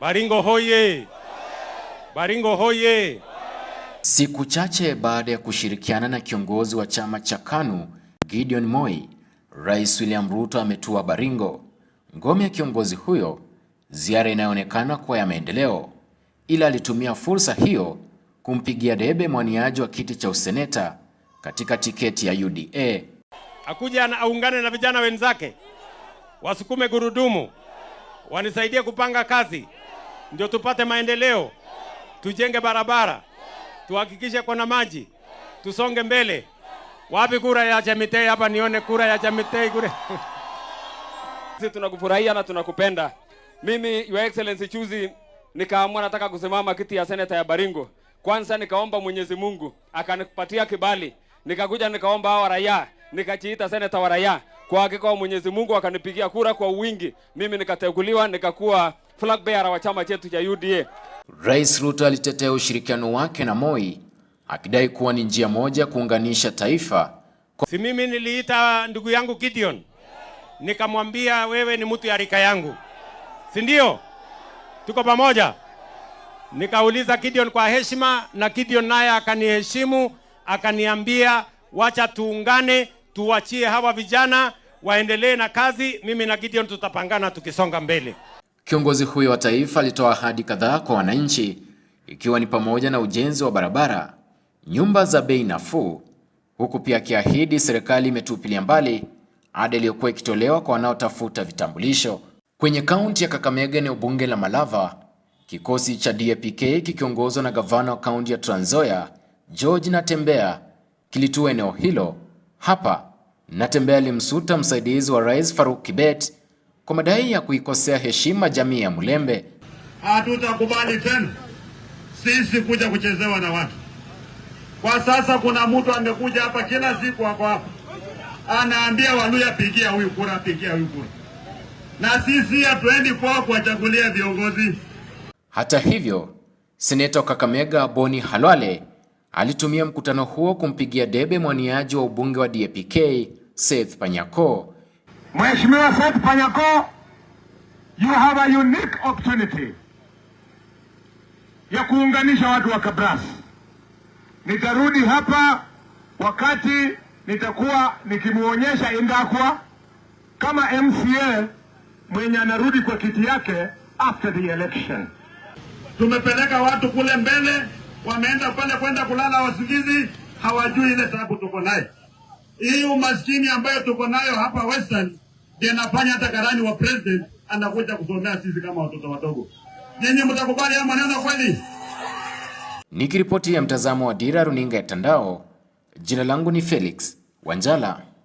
Baringo hoye! Baringo hoye! Siku chache baada ya kushirikiana na kiongozi wa chama cha KANU Gideon Moi, Rais William Ruto ametua Baringo, ngome ya kiongozi huyo, ziara inayoonekana kuwa ya maendeleo, ila alitumia fursa hiyo kumpigia debe mwaniaji wa kiti cha useneta katika tiketi ya UDA. Akuja aungane na vijana wenzake, wasukume gurudumu, wanisaidie kupanga kazi ndio tupate maendeleo, tujenge barabara, tuhakikishe kuna maji, tusonge mbele. Wapi kura ya Chemitei? Hapa nione kura ya Chemitei kule. Sisi tunakufurahia na tunakupenda. Mimi Your Excellency, chuzi nikaamua nataka kusimama kiti ya seneta ya Baringo. Kwanza nikaomba Mwenyezi Mungu akanipatia kibali, nikakuja nikaomba hawa raia, nikajiita seneta wa raia. Kwa hakika Mwenyezi Mungu akanipigia kura kwa wingi, mimi nikateguliwa nikakuwa flag bearer wa chama chetu cha UDA. Rais Ruto alitetea ushirikiano wake na Moi akidai kuwa ni njia moja kuunganisha taifa. Si mimi niliita ndugu yangu Gideon nikamwambia, wewe ni mtu ya rika yangu, si ndio? Tuko pamoja. Nikauliza Gideon kwa heshima, na Gideon naye akaniheshimu, akaniambia wacha tuungane, tuwachie hawa vijana waendelee na kazi. Mimi na Gideon tutapangana tukisonga mbele. Kiongozi huyo wa taifa alitoa ahadi kadhaa kwa wananchi, ikiwa ni pamoja na ujenzi wa barabara, nyumba za bei nafuu, huku pia akiahidi serikali imetupilia mbali ada iliyokuwa ikitolewa kwa wanaotafuta vitambulisho. Kwenye kaunti ya Kakamega, eneo bunge la Malava, kikosi cha DAP-K kikiongozwa na gavana wa kaunti ya Trans Nzoia George Natembeya kilitua eneo hilo. Hapa Natembeya alimsuta msaidizi wa rais Faruk Kibet kwa madai ya kuikosea heshima jamii ya Mulembe. Hatutakubali tena sisi kuja kuchezewa na watu. Kwa sasa kuna mtu amekuja hapa kila siku, ako hapa anaambia Waluya, pigia huyu kura, pigia huyu kura, na sisi hatuendi kwao kuwachagulia viongozi. Hata hivyo, seneta Kakamega Boni Halwale alitumia mkutano huo kumpigia debe mwaniaji wa ubunge wa DAPK Seth Panyako Mheshimiwa Seth Panyako, you have a unique opportunity ya kuunganisha watu wa Kabras. Nitarudi hapa wakati nitakuwa nikimuonyesha Indakwa kama MCA mwenye anarudi kwa kiti yake after the election. Tumepeleka watu kule mbele, wameenda pale kwenda kulala wasingizi, hawajui ile sababu tuko nayo, hii umaskini ambayo tuko nayo hapa Western ndio nafanya hata karani wa president anakuja kusomea sisi kama watoto wadogo. Nyinyi mtakubali ama maneno kweli? Nikiripoti ya mtazamo wa Dira Runinga ya Tandao, jina langu ni Felix Wanjala.